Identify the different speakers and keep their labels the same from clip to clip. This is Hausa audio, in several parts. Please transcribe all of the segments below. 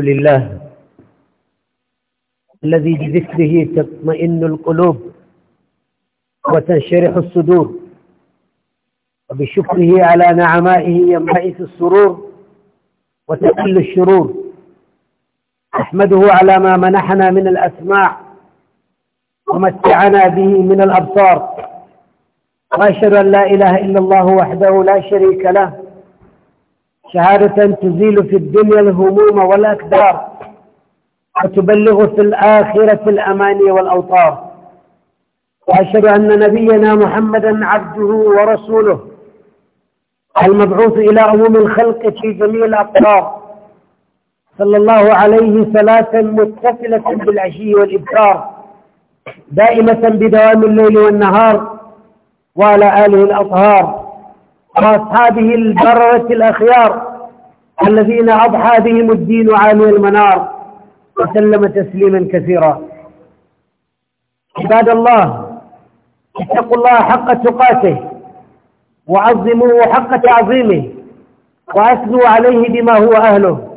Speaker 1: لله الذي بذكره تطمئن القلوب وتنشرح الصدور وبشكره على نعمائه ينبعث السرور وتقل الشرور أحمده على ما منحنا من الأسماع ومتعنا به من الأبصار وأشهد أن لا إله إلا الله وحده لا شريك له شهادة تزيل في الدنيا الهموم والأكدار وتبلغ في الآخرة الأماني والأوطار وأشهد أن نبينا محمدا عبده ورسوله المبعوث إلى عموم الخلق في جميع الأقطار صلى الله عليه صلاة متصلة بالعشي والإبكار دائمة بدوام الليل والنهار وعلى آله الأطهار وأصحابه البررة الأخيار الذين أضحى بهم الدين عالي المنار وسلم تسليما كثيرا عباد الله اتقوا الله حق تقاته وعظموه حق تعظيمه وأثنوا عليه بما هو أهله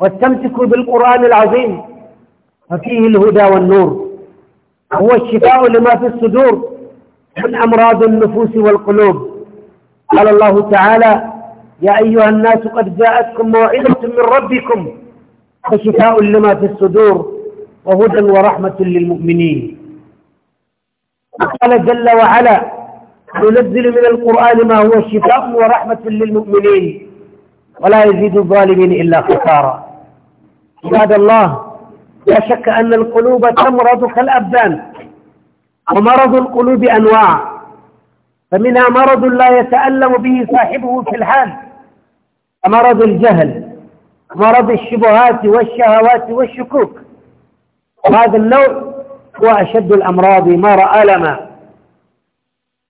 Speaker 1: واستمسكوا بالقرآن العظيم ففيه الهدى والنور هو الشفاء لما في الصدور من أمراض النفوس والقلوب قال الله تعالى يا أيها الناس قد جاءتكم موعظة من ربكم وشفاء لما في الصدور وهدى ورحمة للمؤمنين قال جل وعلا ننزل من القرآن ما هو شفاء ورحمة للمؤمنين ولا يزيد الظالمين إلا خسارا عباد الله لا شك أن القلوب تمرض كالأبدان ومرض القلوب أنواع فمنها مرض لا يتألم به صاحبه في الحال مرض الجهل مرض الشبهات والشهوات والشكوك وهذا النوع هو أشد الأمراض رأى لما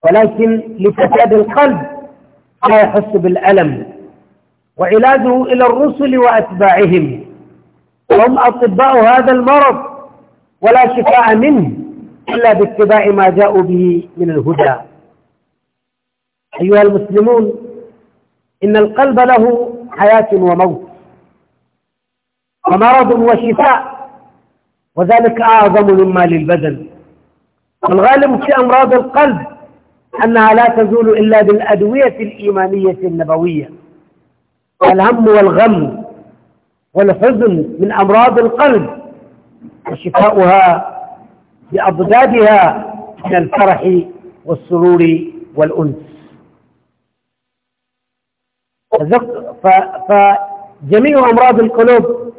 Speaker 1: ولكن لفساد القلب لا يحس بالألم وعلاجه إلى الرسل وأتباعهم هم أطباء هذا المرض ولا شفاء منه إلا باتباع ما جاءوا به من الهدى أيها المسلمون إن القلب له حياة وموت ومرض وشفاء وذلك أعظم مما للبدن والغالب في أمراض القلب أنها لا تزول إلا بالأدوية الإيمانية النبوية الهم والغم والحزن من أمراض القلب وشفاؤها بأضدادها من الفرح والسرور والأنس فجميع أمراض القلوب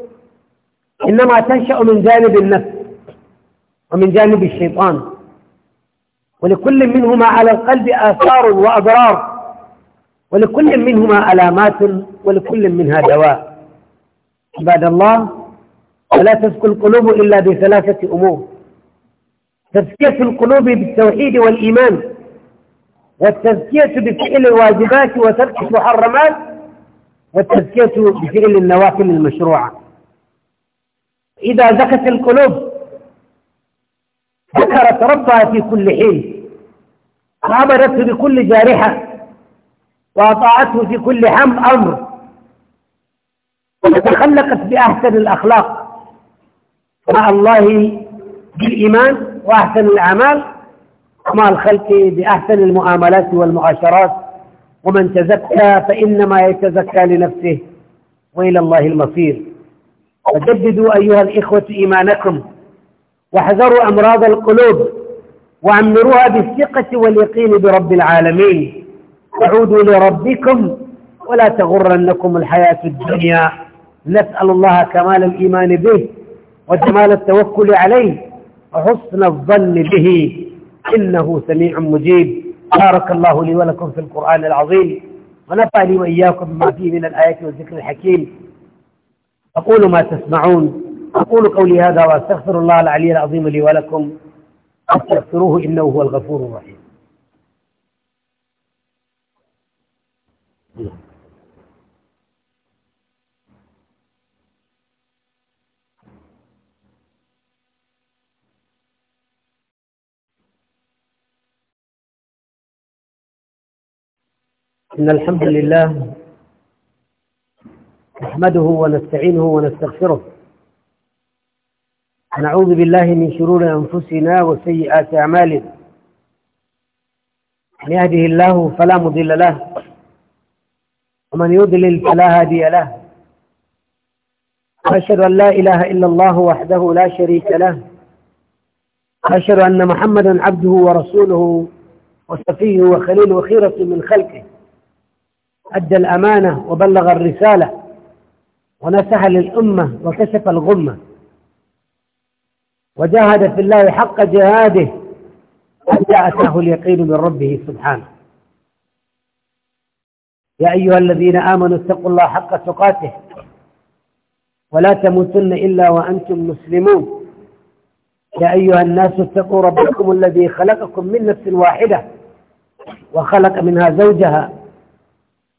Speaker 1: إنما تنشأ من جانب النفس ومن جانب الشيطان ولكل منهما على القلب آثار وأضرار ولكل منهما علامات ولكل منها دواء عباد الله ولا تزكو القلوب إلا بثلاثة أمور تزكية القلوب بالتوحيد والإيمان والتزكية بفعل الواجبات وترك المحرمات والتزكية بفعل النوافل المشروعة إذا زكت القلوب ذكرت ربها في كل حين عبرته بكل جارحة وأطاعته في كل حم أمر وتخلقت بأحسن الأخلاق مع الله بالإيمان وأحسن الأعمال مع الخلق بأحسن المعاملات والمعاشرات ومن تزكى فإنما يتزكى لنفسه وإلى الله المصير فجددوا أيها الإخوة إيمانكم واحذروا أمراض القلوب وعمروها بالثقة واليقين برب العالمين وعودوا لربكم ولا تغرنكم الحياة الدنيا نسأل الله كمال الإيمان به وجمال التوكل عليه وحسن الظن به إنه سميع مجيب بارك الله لي ولكم في القرآن العظيم ونفعني وإياكم بما فيه من الآيات والذكر الحكيم أقول ما تسمعون أقول قولي هذا وأستغفر الله العلي العظيم لي ولكم أستغفروه إنه هو الغفور الرحيم Yeah. إن الحمد لله نحمده ونستعينه ونستغفره ونعوذ بالله من شرور أنفسنا وسيئات أعمالنا من يهده الله فلا مضل له ومن يضلل فلا هادي له أشهد أن لا إله إلا الله وحده لا شريك له أشهد أن محمدا عبده ورسوله وصفيه وخليل وخيرة من خلقه أدى الأمانة وبلغ الرسالة ونسح للأمة وكشف الغمة وجاهد في الله حق جهاده حتى أتاه اليقين من ربه سبحانه يا أيها الذين آمنوا اتقوا الله حق تقاته ولا تموتن إلا وأنتم مسلمون يا أيها الناس اتقوا ربكم الذي خلقكم من نفس واحدة وخلق منها زوجها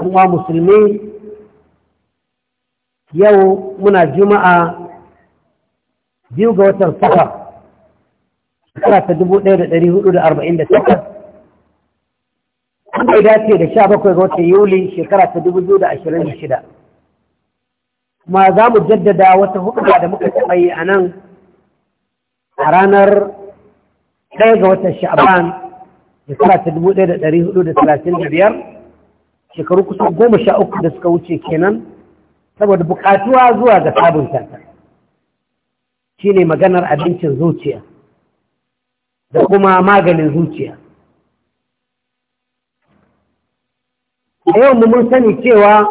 Speaker 1: kuma musulmi yau muna juma'a biyu ga watan safa shekara ta dubu takwas wanda ya dace da sha bakwai ga watan yuli shekara ta dubu ashirin da shida. kuma za mu jaddada wata hukuma da muka taɓa yi a nan a ranar ɗaya ga watan sha'aban shekara ta dubu ɗaya da da da hudu biyar. shekaru kusa goma sha uku da suka wuce kenan saboda bukatuwa zuwa ga sabunta ta shi ne maganar abincin zuciya da kuma maganin zuciya a yau mu mun sani cewa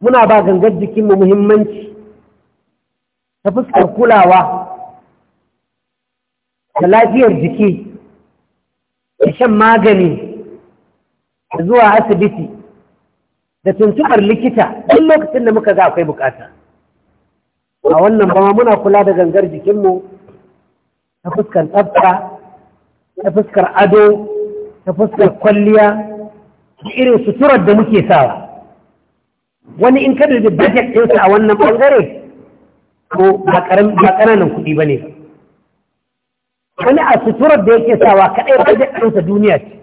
Speaker 1: muna ba gangar jikin mu muhimmanci ta fuskar kulawa da lafiyar jiki da shan magani da zuwa asibiti da tuntuɓar likita duk lokacin da muka ga akwai bukata a wannan bama muna kula da gangar jikinmu ta fuskar tsafta ta fuskar ado ta fuskar kwalliya da irin suturar da muke sawa wani in kada da budget ɗinsa a wannan ɓangare ko ba ƙananan kuɗi ba ne wani a suturar da yake sawa kaɗai budget ɗinsa duniya ce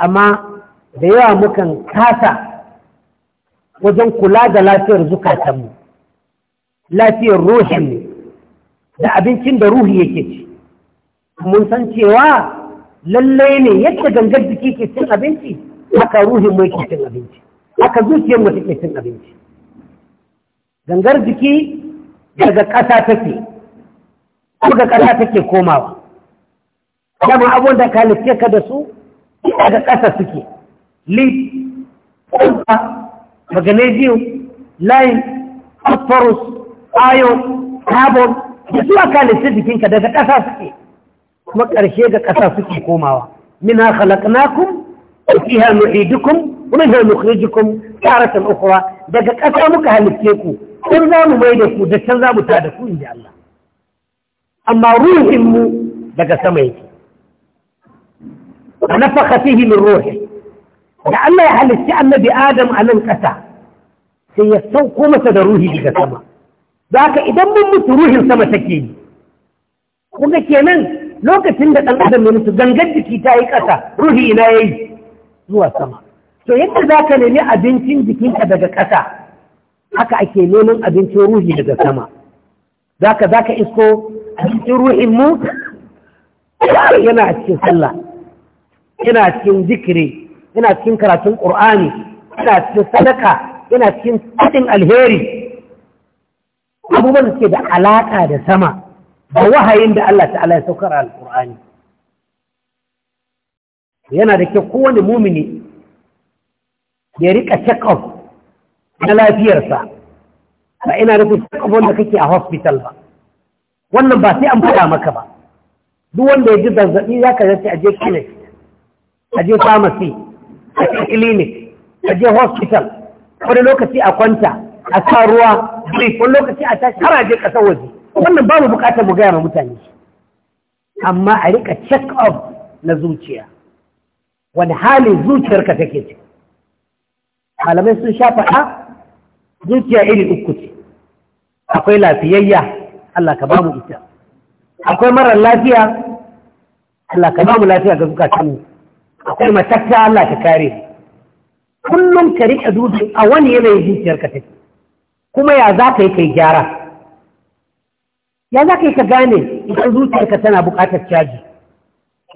Speaker 1: amma da yawa mukan kasa wajen kula da lafiyar zukatanmu lafiyar ruhinmu da abincin da ruhi yake ci mun san cewa lallai ne yadda gangar jiki ke cin abinci haka ruhin mu yake cin abinci haka zuciyar mu take cin abinci gangar jiki daga ƙasa take ko ga ƙasa take komawa kama abun da ka halitta ka da su daga ƙasa suke lead ƙunfa magnesium layin, phosphorus iron carbon da aka lissi jikinka daga ƙasa suke kuma ƙarshe ga ƙasa suke komawa mina khalaqnakum wa fiha nu'idukum wa minha nukhrijukum taratan ukhra daga ƙasa muka halitte ku sun za mu mai da ku da can za mu ta da ku inji Allah amma ruhin mu daga sama yake wa nafakha fihi ruhi da Allah ya halitta annabi Adam a nan kasa sai ya sauko masa da ruhi daga sama da haka idan mun mutu ruhin sama take yi kuma kenan lokacin da ɗan adam ya mutu gangan jiki ta yi ƙasa ruhi ina ya yi zuwa sama to yadda za ka nemi abincin jikinka daga ƙasa haka ake neman abincin ruhi daga sama za ka za abincin ruhin mu yana a cikin sallah yana cikin zikiri yana cikin karatun ƙur'ani ina cikin sadaka yana cikin cikin alheri abubuwan da suke da alaƙa da sama
Speaker 2: da wahayin da Allah
Speaker 1: ta'ala ya saukar al ƙurani yana da kyau kowane mumini ya rika check-up na lafiyarsa ba ina nufin check-up wanda kake a hospital ba wannan ba sai an faɗa maka ba duk wanda ya ji zazzabi za ka zace a je clinic a je pharmacy a je clinic a je hospital wani lokaci a kwanta a sa ruwa wani lokaci a tashi har a je kasar waje wannan babu bukatar mu gaya ma mutane amma a rika check up na zuciya wani halin zuciyar ka take ce? malamai sun sha faɗa zuciya iri uku ce akwai lafiyayya Allah ka bamu ita akwai marar lafiya Allah ka bamu lafiya ga zukatan kai matakka Allah ta kare kullum ka riƙe dutse a wani yanayin zuciyarka take kuma ya za ka yi kai gyara ya za ka yi ka gane idan zuciyarka tana buƙatar caji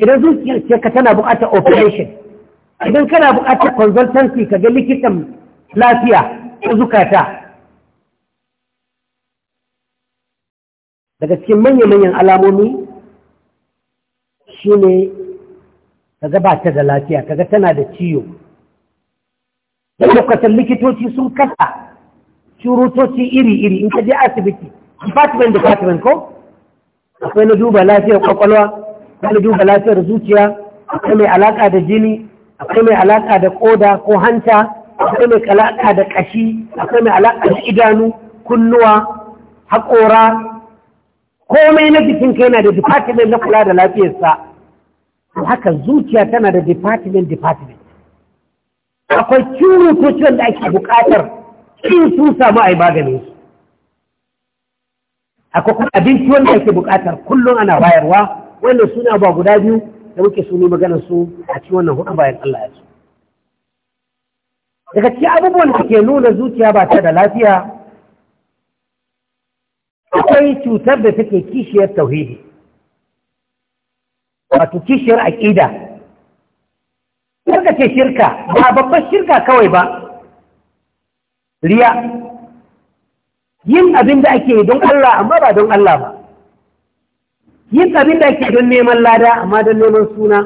Speaker 1: idan zuciyarka tana buƙatar operation idan kana buƙatar consultancy ka ga likitan lafiya ko zukata daga cikin manya-manyan alamomi shi ne. kaga ba ta da lafiya kaga tana da ciwo da lokacin likitoci sun kasa shurutoci iri-iri in ka je asibiti department department ko akwai na duba lafiyar kwakwalwa akwai na duba lafiyar zuciya akwai mai alaka da jini akwai mai alaka da ƙoda ko hanta akwai mai alaka da ƙashi, akwai mai alaka da idanu kunnuwa haƙora komai na jikin kai na da department na kula da lafiyarsa haka zuciya tana da department department akwai ciwon da ake bukatar in sun samu a yi maganin su akwai kuma abinci wanda ake bukatar kullum ana bayarwa wannan suna ba guda biyu da muke suni maganar su a ci wannan hudu bayan Allah ya su daga ci abubuwan da ke nuna zuciya ba ta da lafiya akwai cutar da take kishiyar tauhidi wato kishiyar aƙida karka ce shirka ba babbar shirka kawai ba riya yin abin da ake don Allah amma ba don Allah ba yin abin da ake don neman lada amma don neman suna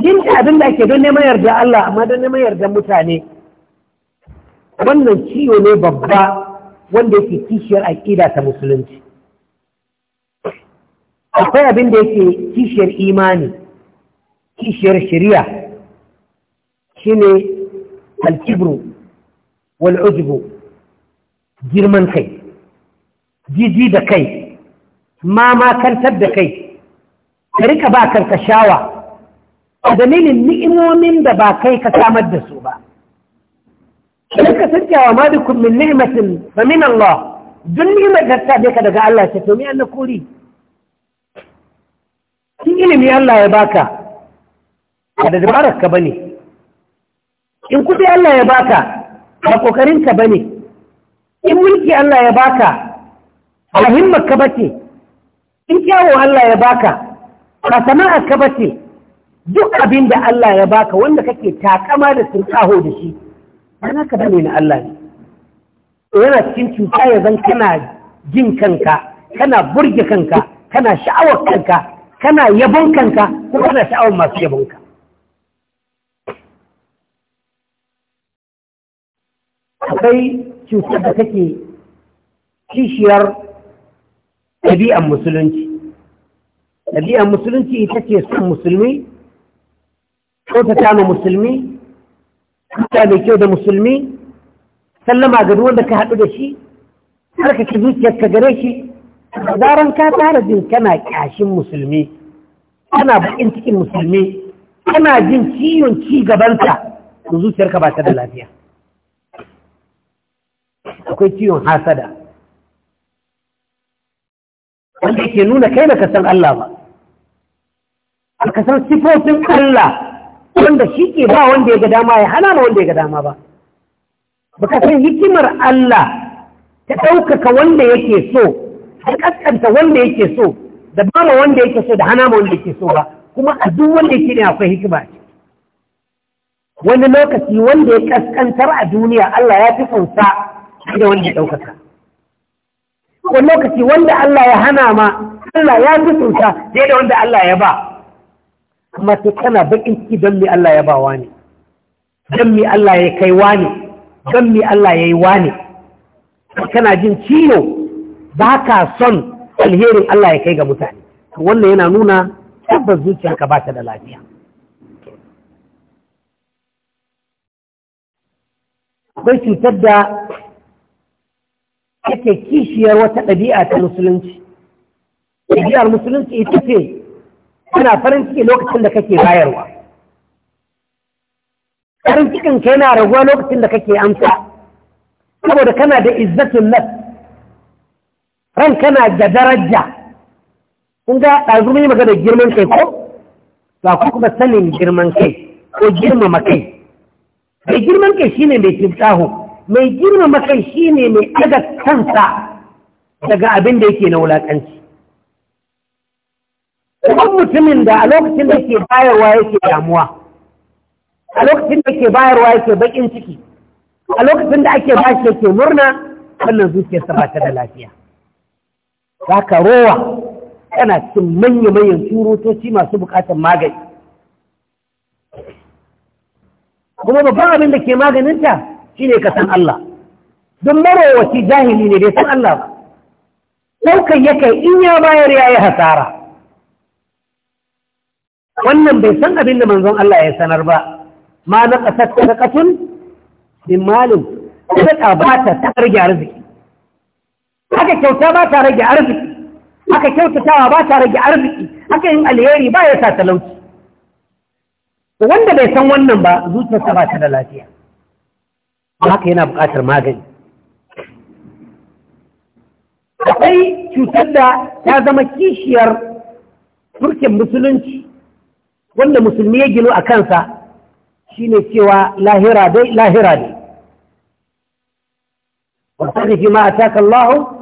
Speaker 1: yin abin da ake don neman yarda Allah amma don neman yarda mutane wannan ciwo ne babba wanda yake kishiyar aƙida ta musulunci akwai abin da yake kishiyar imani kishiyar shari'a shine alkibru wal'ujubu girman kai jiji da kai ma makantar da kai ka rika ba kanka shawa a dalilin ni'imomin da ba kai ka samar da su ba rika sanjawa ma dukkan min ni'imatin fa min Allah duk ni'imar da ta daga Allah ce to me an kuri ilimi Allah ya baka ba da dabarar ka bane in kuɗi Allah ya baka ba kokarin ka bane in mulki Allah ya baka ba ka bace in kyawo Allah ya baka ba sana'ar ka bace duk abin da Allah ya baka wanda kake takama da tunkaho da shi ba naka ne na Allah ne yana cikin cuta ya zan kana jin kanka kana burge kanka kana sha'awar kanka kana yabon kanka kuma kana sha'awar masu yabon ka akwai cutar da take kishiyar ɗabi'an musulunci ɗabi'an musulunci ita ce son musulmi ta ma musulmi kuta mai kyau da musulmi sallama ga ruwan da ka haɗu da shi zuciyar ka gare shi zaran ka tsara jin kana kashin musulmi kana bakin cikin musulmi kana jin ciwon ci gabanta to zuciyarka ba ta da lafiya akwai ciwon hasada wanda ke nuna kai baka san Allah ba baka san sifofin Allah wanda shi ke ba wanda ya ga dama ya hana ma wanda ya ga dama ba baka san hikimar Allah ta ɗaukaka wanda yake so har kaskanta wanda yake so da bama wanda yake so da hana ma wanda yake so ba kuma a duk wanda yake ne akwai hikima ce wani lokaci wanda ya kaskantar a duniya Allah ya fi sonsa da wanda ya ɗaukaka wani lokaci wanda Allah ya hana ma Allah ya fi sonsa sa da wanda Allah ya ba amma to kana bakin ciki don me Allah ya ba wani don me Allah ya kai wani don me Allah ya yi wani kana jin ciwo ba ka son alherin Allah ya kai ga mutane wannan yana nuna tabbas zuciyarka ba ta da lafiya akwai cutar da take kishiyar wata ɗabi'a ta musulunci ɗabi'ar musulunci ita ce tana farin ciki lokacin da kake bayarwa farin cikin ka yana raguwa lokacin da kake amsa saboda kana da izzatun nas ran kana da daraja kun ga ɗazu mai magana girman kai ko ba ku kuma sanin girman kai ko girmama kai mai girman kai shine mai timtahu mai girmama kai shine mai aga kansa daga abin da yake na wulakanci Kuma mutumin da a lokacin da ke bayarwa yake damuwa, a lokacin da ke bayarwa yake bakin ciki, a lokacin da ake bashi yake murna, wannan zuciyarsa ba ta da lafiya. saka rowa yana cikin manya-manyan masu bukatar magani kuma babban abin da ke maganinta shine ka san Allah don marowaci jahili ne bai san Allah ba ya kai in ya bayar ya yi hasara wannan bai san abin da manzon Allah ya sanar ba ma na ƙasar ta ƙasun bin malin ta ba ta ta arziki haka kyauta ba ta rage arziki haka kyautatawa ba ta rage arziki haka yin alheri ba ya sa talauci wanda bai san wannan ba zuciyarsa ba ta da lafiya haka yana buƙatar magani akwai cutar da ta zama kishiyar turkin musulunci wanda musulmi ya gino a kansa shine cewa lahira dai lahira dai wasu ma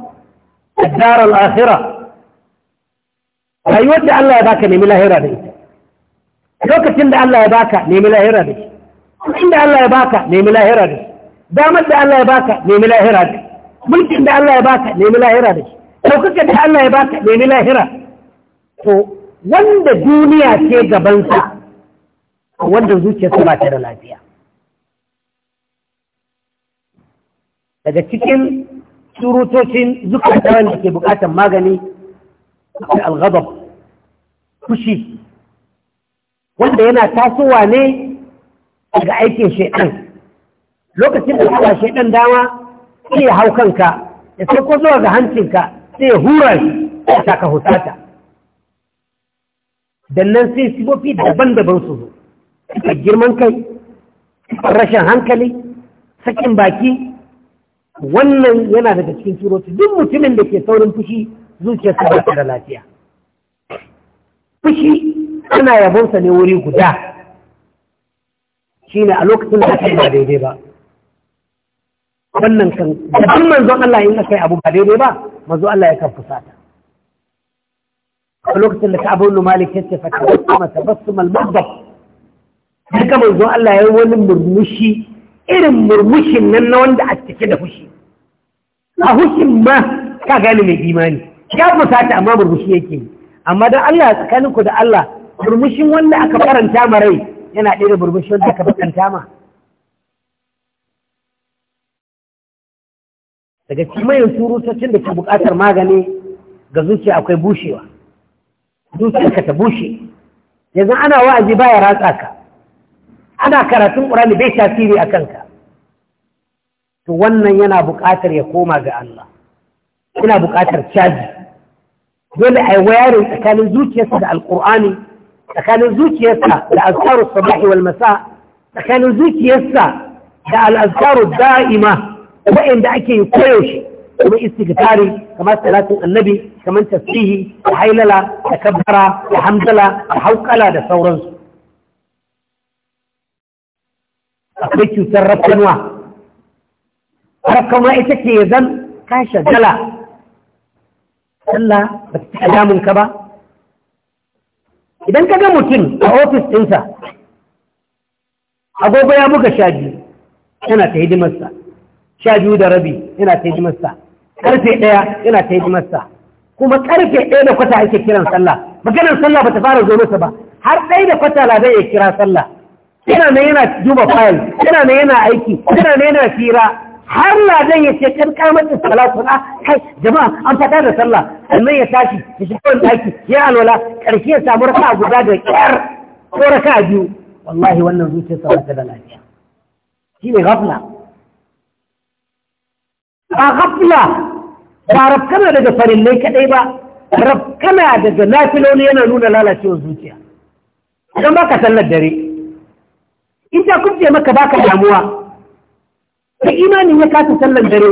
Speaker 1: الدار الآخرة rayuwar da Allah ya baka nemi lahira da ita lokacin da Allah ya baka nemi lahira da shi inda Allah ya baka nemi lahira da shi damar da Allah ya baka nemi lahira da shi mulkin da Allah ya baka nemi lahira da shi ɗaukakar da Allah ya baka nemi lahira to wanda duniya ce gabansa wanda zuciyarsa ba ta lafiya daga cikin surutocin zukata wanda ke bukatan magani akwai alghadab fushi wanda yana tasowa ne daga aikin shaidan lokacin da kuma shaidan dama sai ya hau kanka ya sai ko zuwa ga hancinka sai ya hura shi ya saka husata dan nan sai sibofi daban-daban su zo girman kai rashin hankali sakin baki wannan yana daga cikin suroti duk mutumin da ke saurin fushi zuciyarsa ba ta da lafiya fushi ana yabonsa ne wuri guda shine a lokacin da aka yi ba daidai ba wannan kan duk manzon Allah in aka yi abu ba daidai ba manzo Allah ya kan fusata a lokacin da Ka'ab ibn Malik yace fa ba tabassum al-madhab haka manzo Allah ya yi wani murmushi irin murmushin nan na wanda a cike da fushi a hushin ma ka gane mai imani ya fusata amma murmushi yake yi amma don Allah tsakaninku da Allah murmushin wanda aka faranta ma rai yana ɗaya da murmushin wanda aka faranta ma daga cimayin surutocin da ke buƙatar magani ga zuciya akwai bushewa zuciyarka ta bushe yanzu ana wa'azi baya ratsa ka ana karatun ƙurani bai tasiri a kanka to wannan yana buƙatar ya koma ga Allah yana buƙatar caji dole a yi wayarin tsakanin zuciyarsa da alƙur'ani tsakanin zuciyarsa da azkaru sabahi wal masa tsakanin zuciyarsa da al'azkaru da'ima waɗanda ake yi koyaushe kuma istighfari kamar salatin annabi kamar tasbihi da hailala da kabbara da hamdala da hauƙala da sauransu akwai cutar rafkanwa har kuma ita ce zan kashe shagala Allah ba ta damun ka ba idan ka ga mutum a ofis ɗinsa agogo ya buga sha biyu yana ta hidimarsa sha biyu da rabi yana ta hidimarsa karfe ɗaya yana ta hidimarsa kuma karfe ɗaya da kwata ake kiran sallah maganar sallah ba ta fara zo masa ba har ɗaya da kwata ladan ya kira sallah yana nan yana duba fayil yana nan yana aiki yana nan yana fira har na zai yi ce kan kamar da sallah kuma kai jama'a an fada da sallah sannan ya tashi ya shiga wani daki ya alwala karshe ya samu raka'a guda da kyar ko raka biyu wallahi wannan zuciyarsa ba ta da lafiya shi ne gafla ba gafla ba rafkana daga farillai kadai ba rafkana daga lafiloli yana nuna lalacewar zuciya idan baka sallar dare in ta kubce maka baka damuwa sai imani ya kasa sallan dare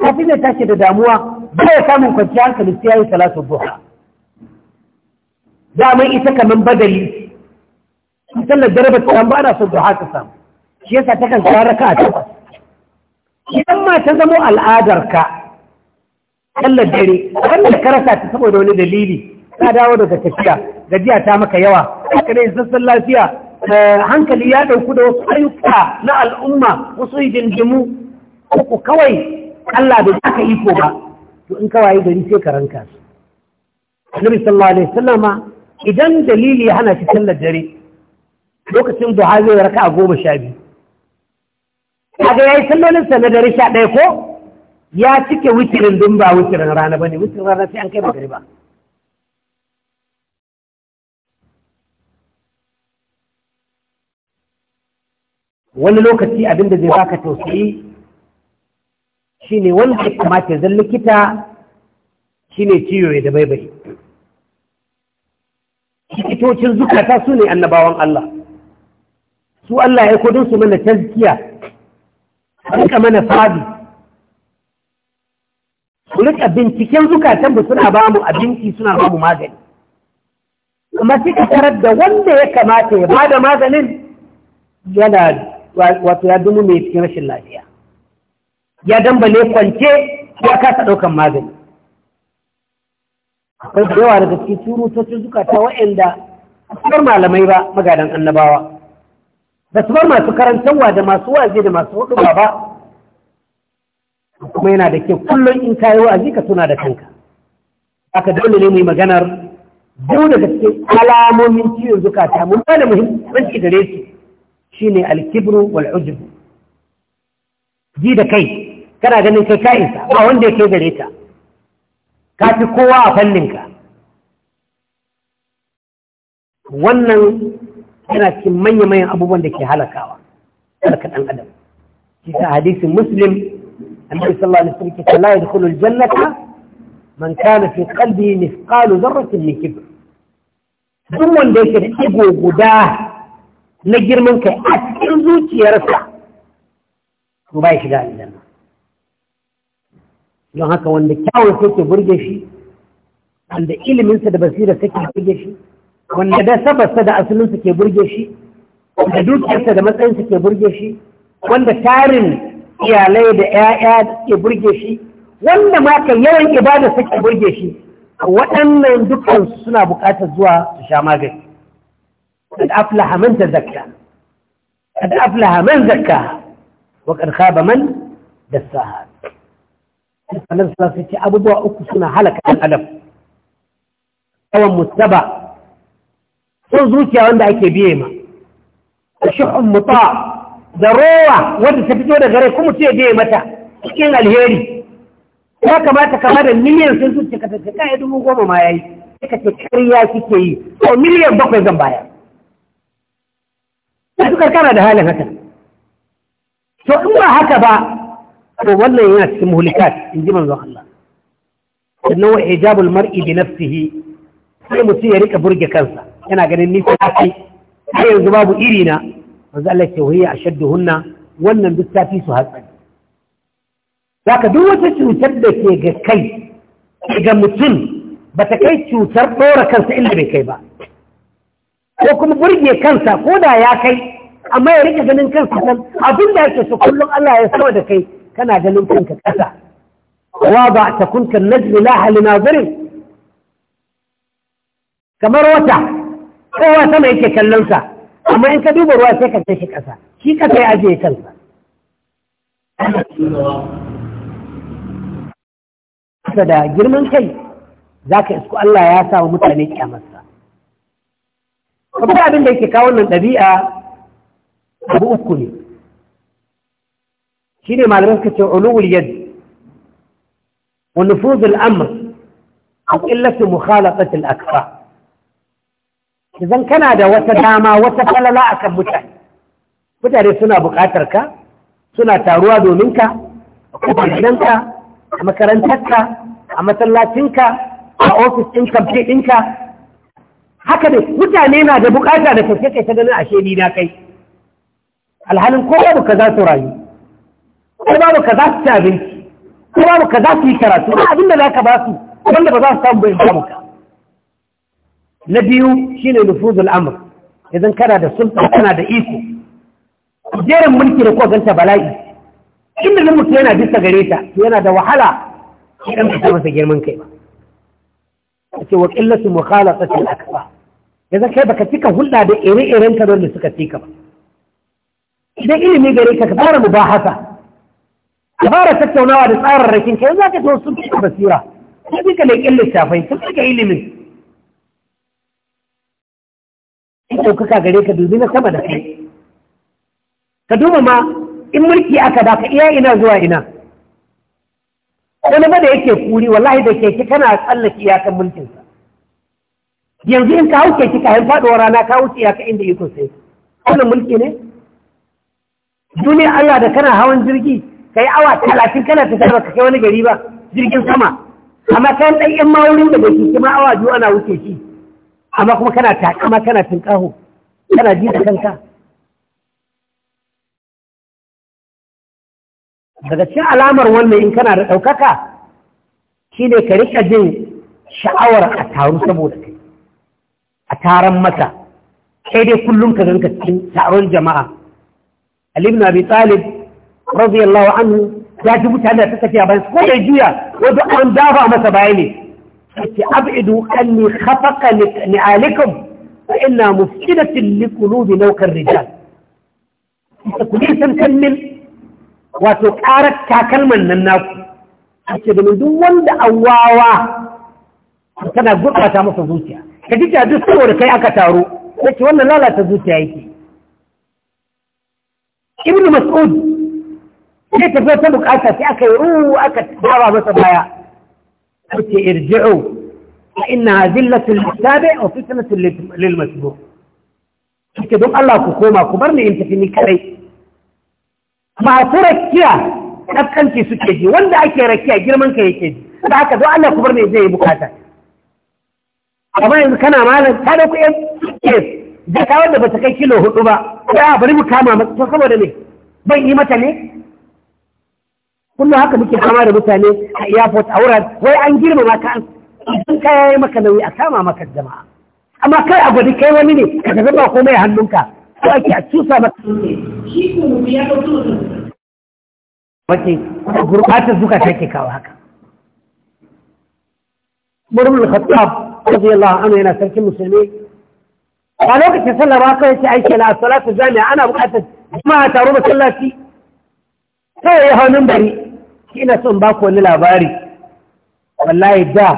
Speaker 1: kafin zai tashi da damuwa ba ya samun kwanciyar hankali sai yayi salatu duha dama ita kaman badali sallan dare ba ta samu ana son duha ta samu shi yasa ta kan kawo raka a takwas idan ma ta zamo ka sallan dare wanda ka rasa ta saboda wani dalili ka dawo daga tafiya gajiya ta maka yawa ka ne sassan lafiya Eh, hankali ya ɗauku da wasu ayyuka na al'umma wasu jinjimu uku kawai Allah bai yi iko ba to in kawai gari sai ka ranka su annabi sallallahu alaihi wasallama idan dalili ya hana shi sallar dare lokacin hazo ya raka goma sha biyu kaga yayi sallolin sa na dare sha ɗaya ko ya cike wutirin dun ba wutirin rana bane wutirin rana sai an kai magariba ba wani lokaci abin da zai baka tausayi shine wanda ya kamata zan likita shine ciwo ya da baibai likitocin zukata su ne annabawan Allah su Allah ya kudin su mana tazkiya rika mana fadi su rika binciken zukatan ba suna ba mu abinci suna ba mu magani kuma suka tarar da wanda ya kamata ya ba da maganin yana wato ya dumu mai cikin rashin lafiya ya dambale kwance ya kasa ɗaukan magani akwai da yawa daga cikin surutocin zukata waɗanda bar malamai ba magadan annabawa da su bar masu karantarwa da masu waje da masu hudu ba kuma yana da ke kullum in kayo a ka tuna da kanka aka dole ne mai yi maganar biyu daga cikin alamomin ciwon zukata mun ba da muhimmanci gare su shine ne Alkibru wal ji da kai kana ganin kai ka isa ba wanda ya kai gare ka
Speaker 2: ka fi kowa a fannin
Speaker 1: ka wannan yana cikin manya-manyan abubuwan da ke halakawa halaka ɗan adam shi ta hadisin muslim annabi sallallahu alaihi wasallam ke la yadkhulu al-jannata man kana fi qalbihi mithqalu dharratin min kibr duk wanda yake da igo guda na girman kai a cikin zuciyarsa ko ba shiga aljanna don haka wanda kyawun take burge shi wanda iliminsa da basira take burge shi wanda da sabarsa da asalinsa ke burge shi wanda dukiyarsa da matsayinsa ke burge shi wanda tarin iyalai da 'ya'ya ke burge shi wanda ma kan yawan ibada suke burge shi waɗannan dukkan suna buƙatar zuwa su sha magani قد أفلح من تزكى قد أفلح من زكاها وقد خاب من دساها annabi sallallahu alaihi wasallam abubuwa uku suna halaka ɗan adam tsawon mutaba son zuciya wanda ake biye ma shuhun muta da rowa wanda ta fito daga rai kuma ce biye mata cikin alheri ya kamata kama da miliyan sun zuciya ka tace kai dubu goma ma kike yi ko miliyan bakwai zan baya su karkara da halin haka to in ba haka ba to wannan yana cikin muhlikat in ji manzo Allah sannan wa ijabul mar'i bi nafsihi sai mutum ya rika burge kansa yana ganin ni sai yanzu babu iri na manzo Allah a wahiya hunna wannan duk tafi su hatsari zaka duk wata cutar da ke ga kai ga mutum ba ta kai cutar ɗora kansa inda bai kai ba ko kuma burge kansa ko da ya kai amma ya rike ganin kansa nan abin da yake so kullum Allah ya sama da kai kana ganin kanka ƙasa wa ba ta kunka najmi la hal nazirin kamar wata kowa sama yake kallon sa amma in ka duba ruwa sai ka kai shi ƙasa shi ka sai ajiye kansa da girman kai zaka isku Allah ya sa mutane kyamarsa kuma abin da yake kawo nan ɗabi'a abu uku ne shi ne malamin suka ce ulul yad wa nufuz amr wa qillatu mukhalafat a akfa idan kana da wata dama wata falala akan mutane mutane suna buƙatar ka suna taruwa domin ka a ka, a makarantar ka, a ka a ofis ɗin kamfe ɗinka haka dai mutane na da bukata da kake kai ta ganin ashe ni na kai alhalin ko babu kaza su rayu ko babu kaza su ci ko babu kaza su yi karatu ba abinda za ka ba su wanda ba za su samu bai samu na biyu shine nufuzul amr idan kana da sulta kana da iko jerin mulki da ganta bala'i inda na yana bisa gare ta yana da wahala idan ka masa girman kai ba ake wa qillatu mukhalafati akbar yanzu kai baka cika hulɗa da ire-iren ka da suka cika ba idan ilimi gare ka ka fara hasa ka fara tattaunawa da tsararrakin ka yanzu ka so sun fi basira ka bi ka leƙin littafai ka fi ilimin in ɗaukaka gare ka dubi na sama da kai ka duba ma in mulki aka ba ka iya ina zuwa ina wani ba da yake kuri wallahi da keke kana tsallaki tsallake iyakan mulkinsa yanzu in ka hau keke ka kayan faɗuwa rana ka wuce iyaka inda iko sai wannan mulki ne duniya Allah da kana hawan jirgi kai awa talatin kana tafiya ba ka kai wani gari ba jirgin sama amma kayan ɗan yan mawurin da bai kike ma awa biyu ana wuce shi amma kuma kana takama kana tinkaho kana ji da kanka daga cikin alamar wannan in kana da ɗaukaka shi ne ka rika jin sha'awar a taru saboda kai a taron mata sai dai kullum ka ganka cikin taron jama'a Ali na Talib radiyallahu anhu ya ji mutane da suka ce bayan ko ya juya Wadda an dafa masa baya ne sai abidu anni khafaqa ni alikum fa inna mufsidatin liqulubi nawkar rijal ku nisan min wato ƙarar takalman nan naku ake domin duk wanda an wawa tana gurɓata masa zuciya ka ji ta duk saboda kai aka taro ce wannan lalata zuciya yake ibn mas'ud sai tafiya ta bukata sai aka yi ruhu aka tawa masa baya
Speaker 2: kace irji'u
Speaker 1: fa inna zillatul mustabi wa fitnatul lil masbu ce don Allah ku koma ku bar ni in tafi ni kadai masu rakiya kaskanci suke ji wanda ake rakiya girman ka yake ji da haka don Allah ku bar ne zai yi bukata amma yanzu kana malam ta da kuɗin kes da ka wanda bata kai kilo hudu ba ya bari mu kama maka to saboda me ban yi mata ne kullum haka muke kama da mutane a airport a wurin wai an girmama maka an idan ka maka nauyi a kama maka jama'a amma kai a gwadi kai wani ne ka zama komai hannunka ko ake a cusa mata wace gurbatar zuka take kawo haka murmul khattab radiyallahu anhu yana sarkin musulmi a lokacin sallah ba kawai ce aiki na salatu jami'a ana bukatar jama'a taro masallaci sai ya hau bari ina son ba ku wani labari wallahi da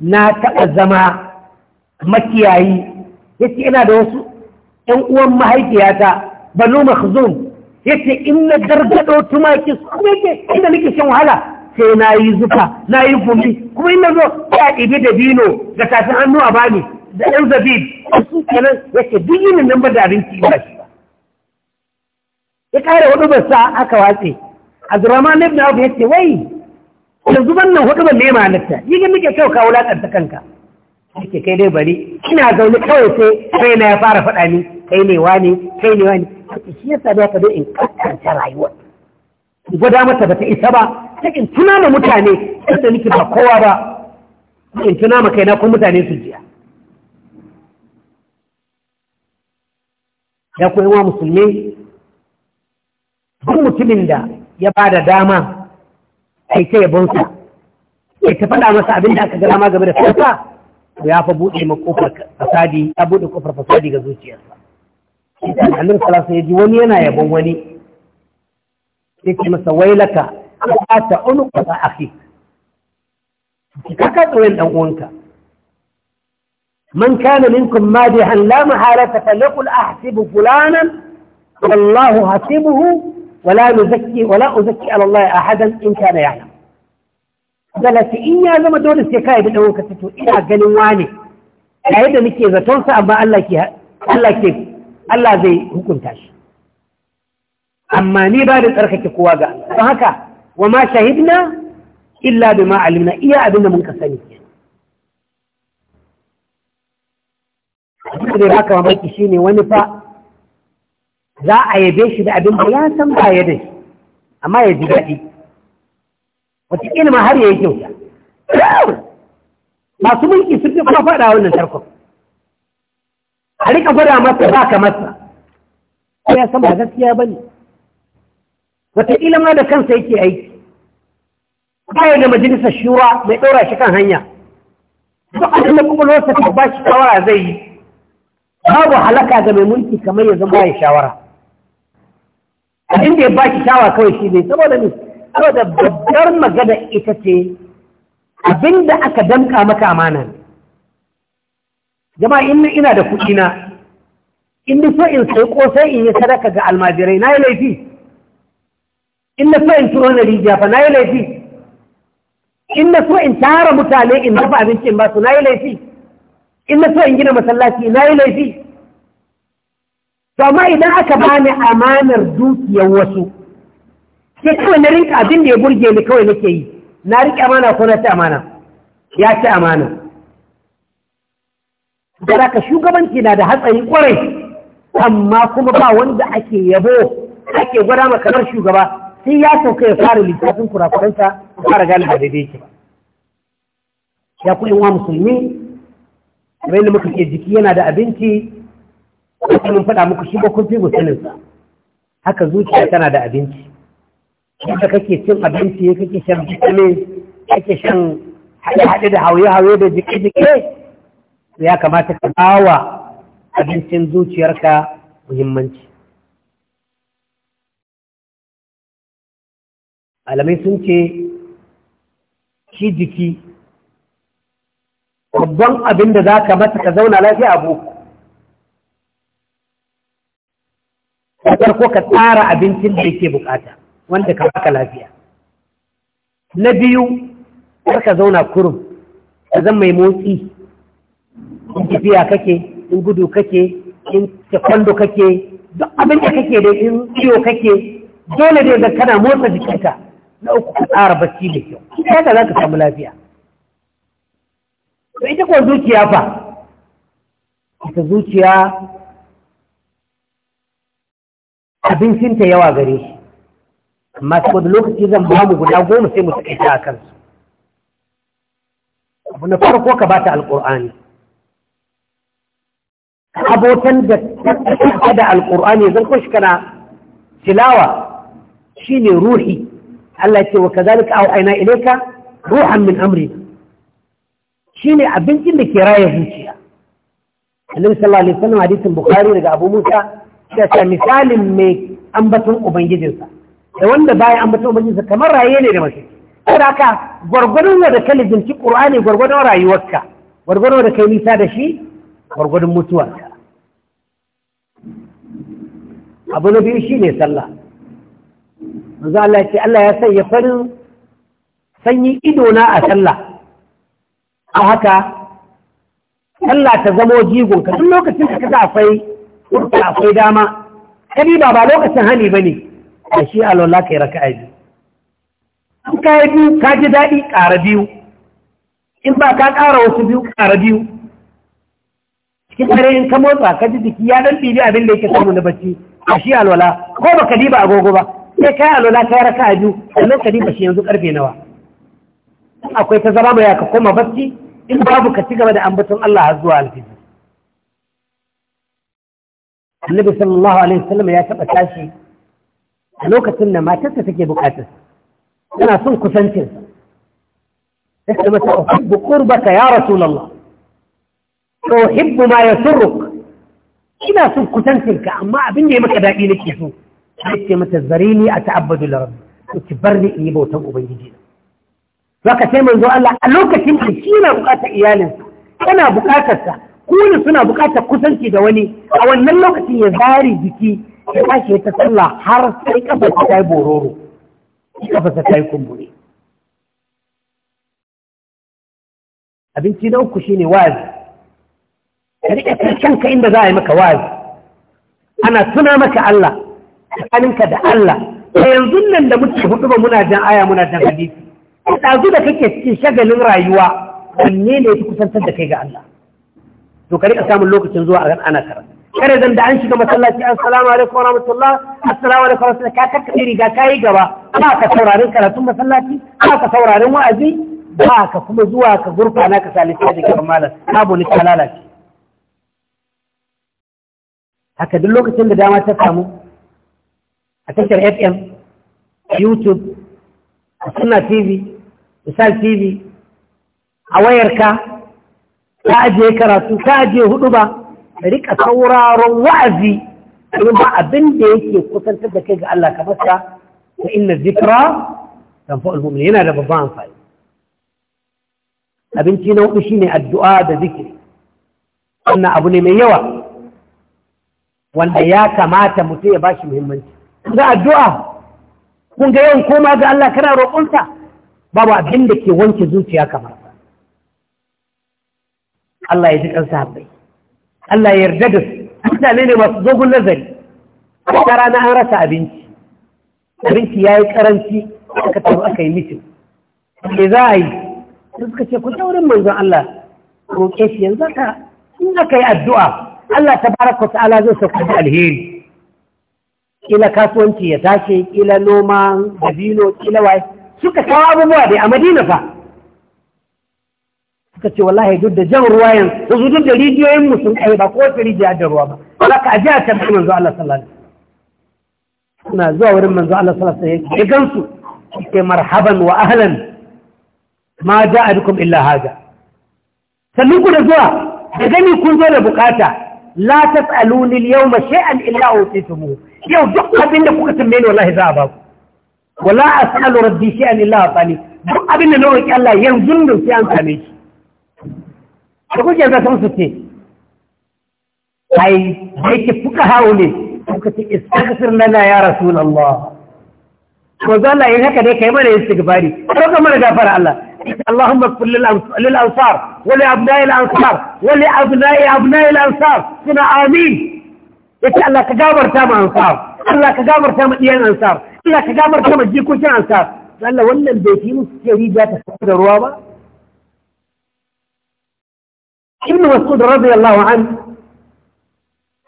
Speaker 1: na taɓa zama makiyayi yace ina da wasu ‘yan uwan mahaifiyata banu makhzum ya ce in na gargado tumaki su yake inda nake shan wahala sai na yi zufa na yi gumi kuma ina zo ya ɗibi da bino ga tafi hannu a bani da ɗan zabib su kenan ya ce duk yinin nan ba da abinci ba shi ba. ya ƙara hudu ba sa aka watse abdurrahman na abu ya ce wai yanzu nan hudu ba ne ma halitta yi ga kyau ka ta kanka Ake kai dai bari ina zaune kawai sai kai na ya fara faɗa ni kai ne wani kai ne wani shi ya da ka zo in kaskanta rayuwar gwada mata bata isa ba sai in tuna ma mutane yadda nake ba kowa ba in tuna ma na ko mutane su jiya ya kuwa wa musulmi duk mutumin da ya ba da dama a yi ta yabonsa ya ta faɗa masa abin da aka gara ma game da sarfa ya fa buɗe ma kofar fasadi ya buɗe kofar fasadi ga zuciyarsa idan annabi sallallahu alaihi wani yana yabon wani yake masa wailaka ka ta unuka ta akhi ka ka tsoyen dan uwanka man kana minkum madihan la mahalata falyaqul ahsibu fulanan wallahu hasibuhu ولا نزكي wala أزكي على الله أحدا إن كان يعلم galasi in ya zama dole sai ka da dawo ta to ina ganin wane yayin da nake zaton sa amma Allah ke Allah zai hukunta shi amma ni ba da tsarkake kowa ga don haka wa ma shahidna illa bima alimna iya abin da mun ka sani abin da ya baka mamaki ne wani fa za a yabe shi da abin da ya san ba ya da shi amma ya ji daɗi wataƙila ma har ya yi kyauta masu mulki sun fi kuma faɗa wannan tarkon a rika gwada masa ba ka masa ko ya san ba gaskiya ba ne wataƙila ma da kansa yake aiki baya da majalisar shura mai ɗora shi kan hanya duk abin da kwakwalwarsa ta ba shi shawara zai yi babu halaka ga mai mulki kamar ya zama ya shawara a inda ya ba shi shawara kawai shi ne saboda ne saboda babbar magana ita ce abinda aka damka maka amana jama'a in ina da kuɗi na in so in sai kosai in yi sadaka ga almajirai na yi laifi in na so in turo na rijiya fa na yi laifi in so in tara mutane in dafa abinci in basu na yi laifi in so in gina masallaci na yi laifi to idan aka bani amanar dukiyar wasu sai kawai na rinka abin da ya burge ni kawai nake yi na rike amana ko na ci amana ya ci amana da raka shugabanci na da hatsari kwarai amma kuma ba wanda ake yabo ake gwada makamar shugaba sai ya sauka ya fara littafin kurakuransa ya fara gane da daidai ke ya ku wa musulmi kamar da muka ke jiki yana da abinci kuma mun faɗa muku shi ba kun fi musulunsa haka zuciya tana da abinci wanda kake cin abinci kake shan vitamin kake shan haɗe-haɗe da hauye-hauye da jike-jike ya kamata ka bawa abincin zuciyarka muhimmanci alamai sun ce shi jiki babban abin da za ka mata ka zauna lafiya abu ko ka tsara abincin da yake bukata wanda ka baka lafiya na biyu ka zauna kurum ka zan mai motsi in tafiya kake in gudu kake in taekwondo kake duk abin da kake da in iyo kake dole ne da kana motsa jikinka na uku ka tsara bacci da kyau haka za ka samu lafiya to ita kuwa zuciya fa ita zuciya abincinta yawa gare shi amma saboda lokaci zan ba mu guda goma sai mu taƙaita a kansu abu na farko ka bata alƙur'ani abotan da ta da alƙur'ani zan kwashi kana tilawa shine ruhi Allah ce wa kazalika au aina ilaika ruhan min amri shine abincin da ke raya zuciya Annabi sallallahu alaihi wasallam hadisin Bukhari daga Abu Musa ya ce misalin mai ambaton ubangijinsa da wanda baya an mutum ubangijinsa kamar raye ne da mace saboda haka gwargwadon da ka lizinci qur'ani gwargwadon rayuwarka gwargwadon da kai nisa da shi gwargwadon mutuwarka abu na biyu shine sallah manzo Allah ya ce Allah ya sanya farin sanyi ido na a sallah a haka Allah ta zamo jigonka duk lokacin da kaga akwai akwai dama kadi ba ba lokacin hani bane a shi alwala ka yi raka a biyu in ka yi biyu ka ji daɗi ƙara biyu in ba ka ƙara wasu biyu ƙara biyu cikin tare in ka motsa ka ji jiki ya ɗan ɗibi abin da yake samu na bacci a shi alwala ko ba ka diba agogo ba sai ka yi alwala ka yi raka a biyu sannan ka diba shi yanzu ƙarfe nawa akwai ta zama mai ka koma bacci in babu ka ci gaba da ambaton Allah har zuwa alfiji annabi sallallahu alaihi wasallam ya taɓa tashi a lokacin da matarsa take bukatar tana son kusancinsa ta ce masa uhibbu qurbaka ya rasulullah to uhibbu ma yasurruk ina son kusancinka amma abin da ya maka daɗi nake so sai ce mata zarini a ta'abbadu lirabb to ki bar ni in yi bautan ubangiji na zaka sai manzo Allah a lokacin da shi na bukatar iyalinsa tana bukatarsa kuna suna bukatar kusanci da wani a wannan lokacin ya zari jiki ya tashi ta sallah har sai kafa ta yi bororo kafa ta yi kumbure abinci na uku shine wazi ka riƙe karshen ka inda za a yi maka wazi ana tuna maka Allah tsakaninka da Allah ta yanzu nan da muke hudu ba muna jan aya muna jan hadisi ɗazu da kake cikin shagalin rayuwa wanne ne ya fi kusantar da kai ga Allah to ka riƙa samun lokacin zuwa a ana karatu kare zan da an shiga masallaci salamu alaikum wa rahmatullah assalamu alaikum wa rahmatullah ka kakkaɗe riga ka yi gaba ba ka saurarin karatun masallaci ba ka saurarin wa'azi ba ka kuma zuwa ka gurfana ka sa da gaban malam abu ni ka lalace haka duk lokacin da dama ta samu a tashar fm a youtube a suna tv misal tv a wayarka ka ajiye karatu ka ajiye hudu ba rika sauraron wa'azi domin ba abin da yake kusantar da kai ga Allah kamar sa wa zikira, zikra tanfa'ul mu'min yana da babban amfani abinci na hudu shine addu'a da zikiri wannan abu ne mai yawa wanda ya kamata mutum ya bashi muhimmanci ga addu'a kun ga yawan koma ga Allah kana roƙonsa babu abin da ke wanke zuciya kamar Allah ya ji ɗan habbai Allah ya yarda da su mutane ne masu zogun nazari wata rana an rasa abinci abinci ya yi karanci aka tafi aka yi mitin me za a yi suka ce ku taurin manzon Allah roƙe shi yanzu ka in aka yi addu'a Allah ta baraka ta'ala zai sauka da alheri kila kasuwanci ya tashi kila noma dabino kila waye suka kawo abubuwa dai a madina fa suka ce wallahi duk da jan ruwa yanzu yanzu duk da rijiyoyin mu sun kai ba ko wata rijiya da ruwa ba Wala ka aje a tambayi manzo Allah sallallahu alaihi suna zuwa wurin manzo Allah sallallahu alaihi wasallam ya gansu ke marhaban wa ahlan ma ja'a bikum illa haja sannan ku da zuwa da gani kun zo da bukata la tas'aluni al-yawma shay'an illa utitumu yau duk abinda da kuka tambaye ni wallahi za a ba ku wala as'alu rabbi shay'an illa atani duk abin da na roki Allah yanzu nan sai an same shi da kuke zaton su ce ai da yake fuka hawo ne suka ce istaghfir lana ya rasulullah ko zalla yin haka dai kai mana istighfari ko kuma mana gafara Allah اللهم اغفر للأنصار ولأبناء الأنصار ولأبناء أبناء الأنصار سنة آمين يتي الله كجابر تام أنصار الله كجابر تام إيان أنصار الله كجابر تام جيكوشان أنصار قال له ولا البيتين سيري جاتا سكر روابا ibn mas'ud radiyallahu an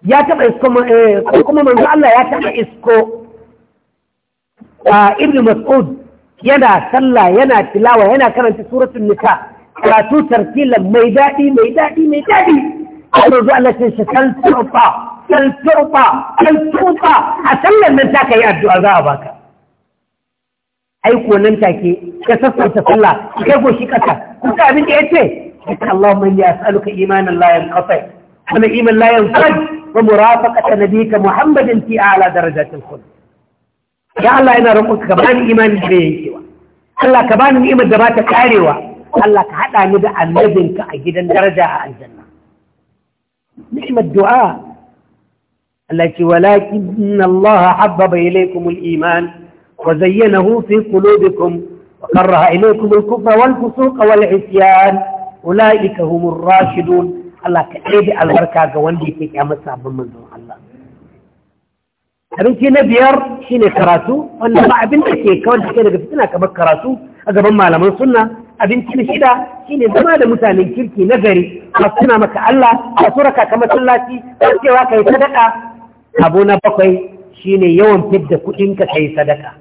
Speaker 1: ya taba isko eh, kuma manzo Allah ya taba isko ah, ibn mas'ud yana sallah yana tilawa yana karanta suratul nisa karatu tartilan mai daɗi mai daɗi mai daɗi manzo Allah ce shi kan turfa kan turfa kan turfa a sallan nan ta yi addu'a za a baka aiko nan take ka sassauta sallah kai goshi kasa kuka abin da yace اللهم إني أسألك إيمانا لا ينقطع أنا إيمان لا ينقطع ومرافقة نبيك محمد في أعلى درجات الخلق
Speaker 2: يا الله أنا رمك كبان إيمان
Speaker 1: بيك الله كبان إيمان دراتك عاريوة الله كحدا ندع النبنك أجدا درجة عن الجنة نعم الدعاء التي ولكن الله حبب إليكم الإيمان وزينه في قلوبكم وقرها إليكم الكفر والفسوق والعصيان ulaika humur rashidun Allah ka ɗebe albarka ga wanda yake kyamar sabon manzon Allah abinci na biyar shi ne karatu wanda ba abin da ke kawar da daga fitina kamar karatu a gaban malaman sunna abinci na shida ne zama da mutanen kirki na gari masu tuna maka Allah a suraka kamar sallaci a cewa yi sadaka abu na bakwai ne yawan fidda kuɗinka yi sadaka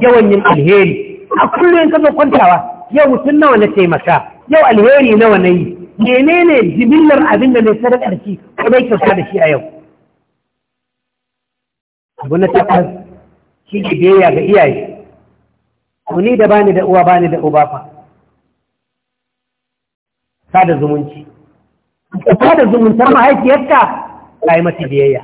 Speaker 1: yawan yin alheri a kullum ka zo kwantawa yau mutum nawa na taimaka yau alheri nawa na yi menene jibillar abin da mai sarar ƙarfi ko bai kyauta da shi a yau abu na takwas shi ke biyayya ga iyaye ku ni da bani da uwa bani da uba fa sada zumunci sada zumuntar mahaifiyarka ka yi mata biyayya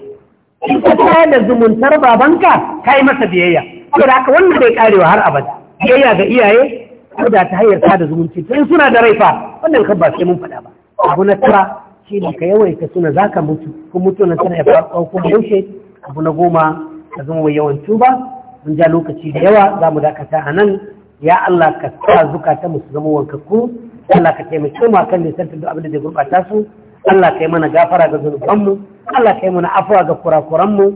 Speaker 1: in ka sada zumuntar babanka ka yi masa biyayya saboda haka wannan bai karewa har abada biyayya ga iyaye ko da ta hanyar sada zumunci sai suna da raifa wannan kan ba sai mun faɗa ba abu na tara shi ne ka yawaita suna za mutu ko mutu nan tana ya faɗo ko yaushe abu na goma ka zama mai yawan tuba mun ja lokaci da yawa za mu dakata a nan ya Allah ka sa zukata mu su zama wankakku Allah ka taimake mu akan nisantar duk abin da zai gurɓata su Allah ka yi mana gafara ga zunubanmu Allah ka yi mana afuwa ga kurakuranmu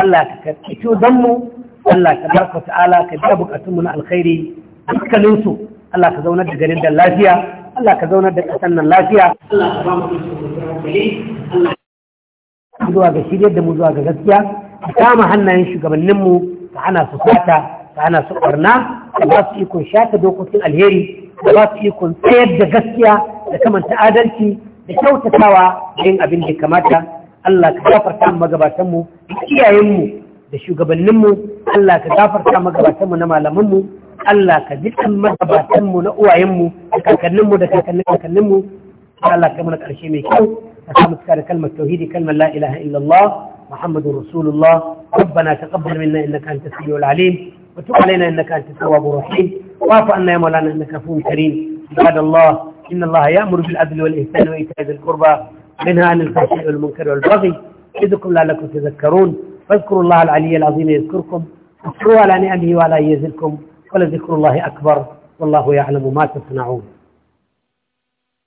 Speaker 1: Allah ka karɓi mu Allah ka barka ta'ala ka biya mu na alkhairi hankalinsu Allah ka zaunar da garin da lafiya Allah ka zaunar da ƙasar nan lafiya Allah ka ba mu Allah zuwa ga da mu zuwa ga gaskiya ka kama hannayen shugabanninmu ka hana su fata, ka hana su barna ka ba su ikon shata dokokin alheri ka ba su ikon tsayar da gaskiya da kamanta adalci da kyautatawa da yin abin da kamata Allah ka gafarta mu magabatanmu da iyayenmu da shugabanninmu Allah ka gafarta magabatanmu na malamanmu Allah ka ji kan magabatanmu na uwayenmu da kakanninmu da kakannin kakanninmu Allah ka muna ƙarshe mai kyau ka samu tsaka da kalmar tauhidi kalmar la ilaha illallah muhammadur rasulullah ربنا تقبل منا انك انت السميع العليم وتب علينا انك انت التواب الرحيم واعف عنا يا مولانا انك عفو كريم عباد الله ان الله يامر بالعدل والاحسان وايتاء ذي القربى وينهى عن الفحشاء والمنكر والبغي يعظكم لعلكم تذكرون فاذكروا الله العلي العظيم يذكركم واشكروه على نعمه وعلى ان يزدكم ولذكر الله أكبر والله يعلم ما تصنعون